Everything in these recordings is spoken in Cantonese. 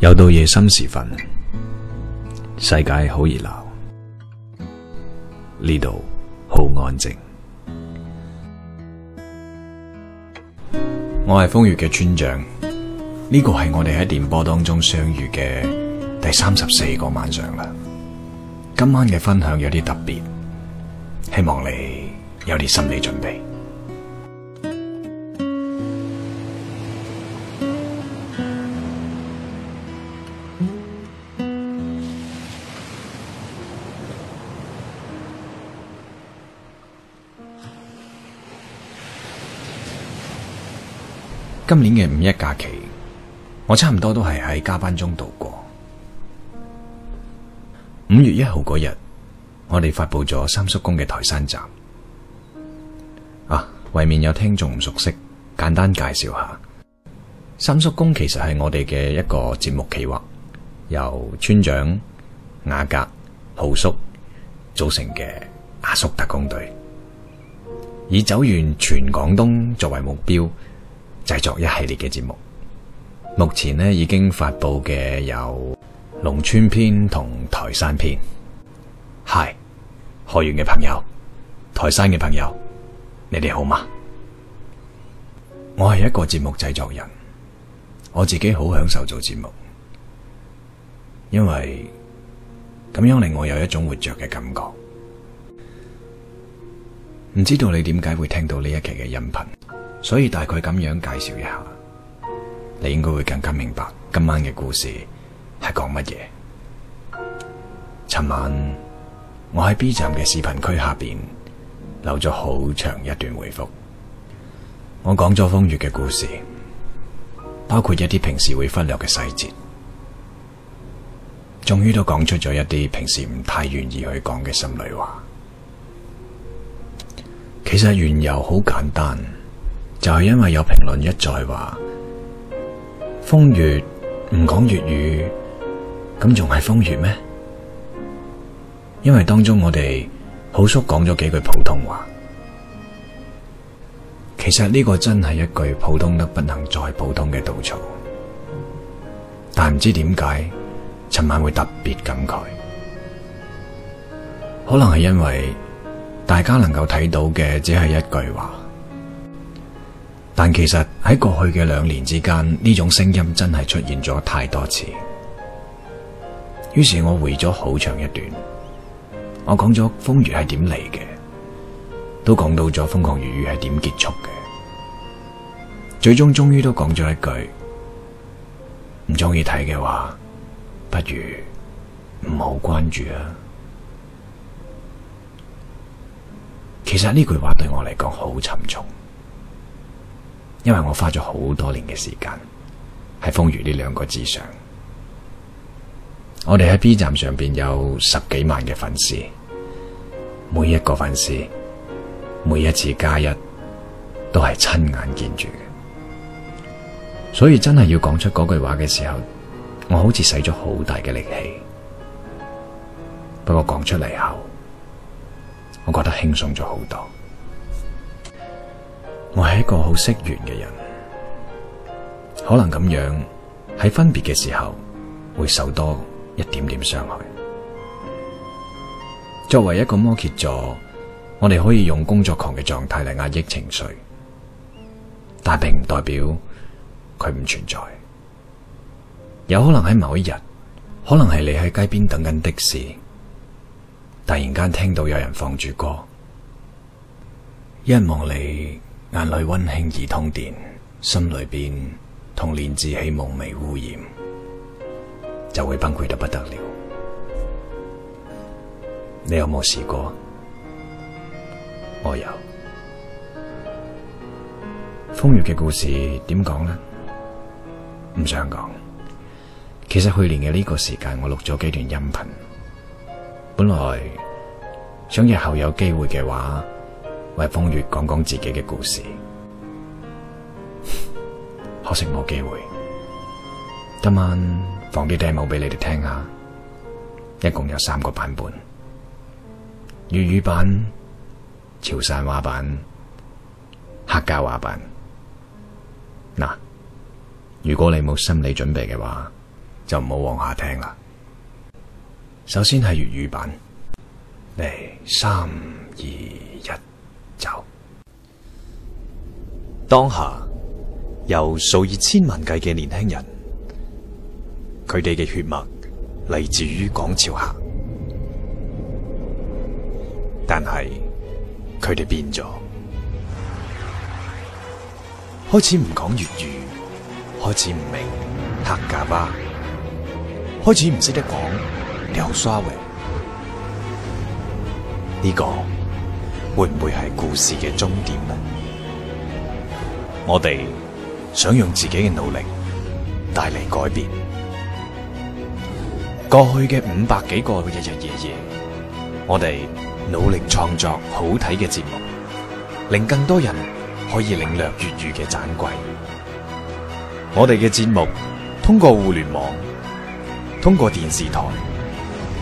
又到夜深時分，世界好熱鬧，呢度好安靜。我係瘋粵嘅村長，呢個係我哋喺電波當中相遇嘅第三十四個晚上啦。今晚嘅分享有啲特別，希望你有啲心理準備。今年嘅五一假期，我差唔多都係喺加班中度過。五月一號嗰日，我哋發佈咗三叔攻嘅台山站啊，為免有聽眾唔熟悉，簡單介紹下，三叔攻其實係我哋嘅一個節目企劃，由村長瓦格耗叔組成嘅阿叔特攻隊，以走完全廣東作為目標。製作一系列嘅節目，目前呢已經發佈嘅有龍川篇同台山篇。嗨，河源嘅朋友，台山嘅朋友，你哋好嗎？我係一個節目製作人，我自己好享受做節目，因為咁樣令我有一種活着嘅感覺。唔知道你點解會聽到呢一期嘅音頻？所以大概咁樣介紹一下，你應該會更加明白今晚嘅故事係講乜嘢。尋晚我喺 B 站嘅視頻區下邊留咗好長一段回復，我講咗瘋粵嘅故事，包括一啲平時會忽略嘅細節，終於都講出咗一啲平時唔太願意去講嘅心裏話。其實緣由好簡單。就係因為有評論一再話，瘋粵唔講粵語，咁仲係瘋粵咩？因為當中我哋耗叔講咗幾句普通話，其實呢個真係一句普通得不能再普通嘅吐槽，但唔知點解，尋晚會特別感慨，可能係因為大家能夠睇到嘅只係一句話。但其實喺過去嘅兩年之間，呢種聲音真係出現咗太多次。於是我回咗好長一段，我講咗瘋粵係點嚟嘅，都講到咗瘋狂粵語係點結束嘅，最終終於都講咗一句唔中意睇嘅話，不如唔好關注啊。其實呢句話對我嚟講好沉重。因為我花咗好多年嘅時間喺《瘋粵》呢兩個字上，我哋喺 B 站上邊有十幾萬嘅粉絲，每一個粉絲每一次加一都係親眼見住嘅，所以真係要講出嗰句話嘅時候，我好似使咗好大嘅力氣，不過講出嚟後，我覺得輕鬆咗好多。我係一個好惜緣嘅人，可能咁樣喺分別嘅時候會受多一點點傷害。作為一個摩羯座，我哋可以用工作狂嘅狀態嚟壓抑情緒，但並唔代表佢唔存在。有可能喺某一日，可能係你喺街邊等緊的士，突然間聽到有人放住歌，一人望你。眼淚溫馨而通電，心裏邊同煉字起蒙微污染，就會崩潰得不得了。你有冇試過？我有。瘋粵嘅故事點講呢？唔想講。其實去年嘅呢個時間，我錄咗幾段音頻，本來想日後有機會嘅話。為瘋粵講講自己嘅故事，可惜冇機會。今晚放啲 demo 俾你哋聽下，一共有三個版本：粵語版、潮汕話版、客家話版。嗱，如果你冇心理準備嘅話，就唔好往下聽啦。首先係粵語版，嚟三二一。3, 2, 就走當下，有數以千萬計嘅年輕人，佢哋嘅血脈嚟自於廣潮客，但係佢哋變咗，開始唔講粵語，開始唔明客家話，開始唔識得講潮汕話呢個。會唔會係故事嘅終點呢？我哋想用自己嘅努力帶嚟改變，過去嘅五百幾個日日夜夜，我哋努力創作好睇嘅節目，令更多人可以領略粵語嘅盞鬼。我哋嘅節目通過互聯網，通過電視台，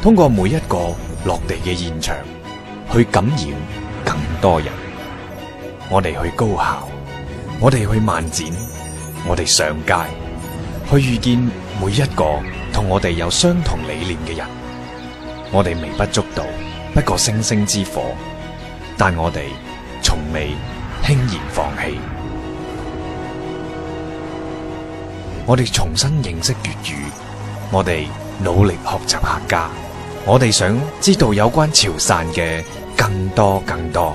通過每一個落地嘅現場去感染多人，我哋去高校，我哋去漫展，我哋上街，去遇見每一個同我哋有相同理念嘅人。我哋微不足道，不過星星之火，但我哋從未輕言放棄。我哋重新認識粵語，我哋努力學習客家，我哋想知道有關潮汕嘅更多更多。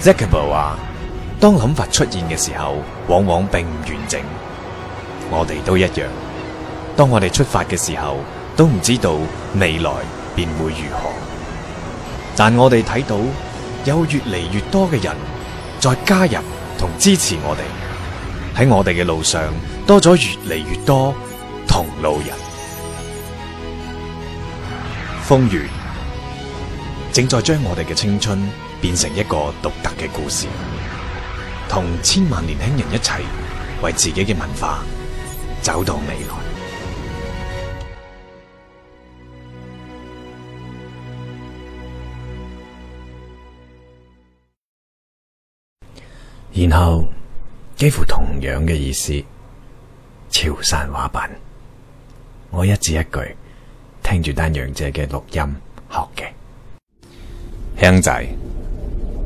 Zuckerberg 話：當諗法出現嘅時候，往往並唔完整。我哋都一樣。當我哋出發嘅時候，都唔知道未來便會如何。但我哋睇到有越嚟越多嘅人在加入同支持我哋，喺我哋嘅路上多咗越嚟越多同路人。風雨正在將我哋嘅青春，變成一個獨特嘅故事，同千萬年輕人一齊為自己嘅文化走到未來。然後幾乎同樣嘅意思，潮汕話版，我一字一句聽住丹陽姐嘅錄音學嘅，兄仔。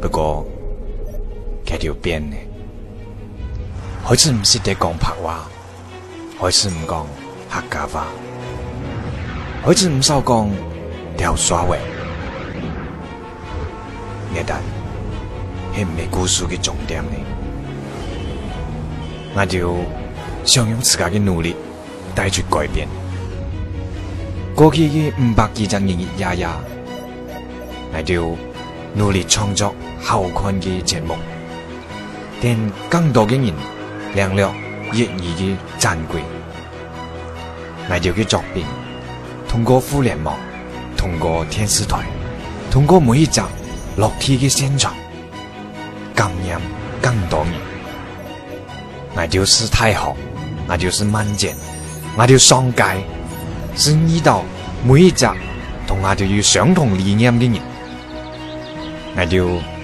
不過佢條邊呢？好似唔識得講白話，好似唔講客家話，好似唔少講潮汕話。呢但係咪故事嘅重點呢？我就想用自家嘅努力帶住改變過去嘅五百幾廿年嘅呀呀，我就努力創作。好看嘅節目，令更多嘅人領略粵語嘅盞鬼。我哋嘅作品，通過互聯網，通過電視台，通過每一集落地嘅現場，感染更多人。我哋是太合，我哋是漫展，我哋上街，先遇到每一集同我哋有相同理念嘅人，我哋。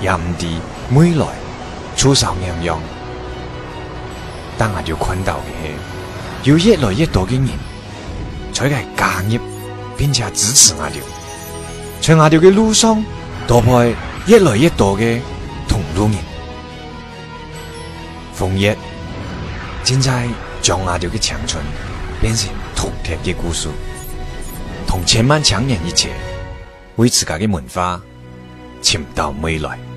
任啲未來粗手洋洋，但我哋奮鬥嘅，有越來越多嘅人在嘅加入，並且支持我哋。在我哋嘅路上，多派越來越多嘅同路人，瘋粵正在將我哋嘅青春變成獨特嘅故事，同千萬強人一齊為自家嘅文化尋到未來。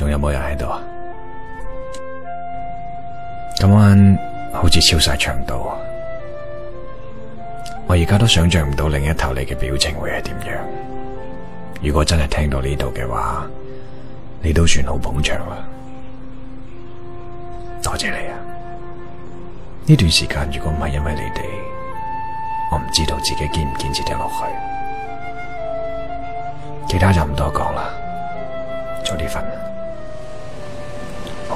仲有冇人喺度啊？今晚好似超晒長度，我而家都想象唔到另一頭你嘅表情會係點樣。如果真係聽到呢度嘅話，你都算好捧場啦。多謝你啊！呢段時間如果唔係因為你哋，我唔知道自己堅唔堅持得落去。其他就唔多講啦，早啲瞓。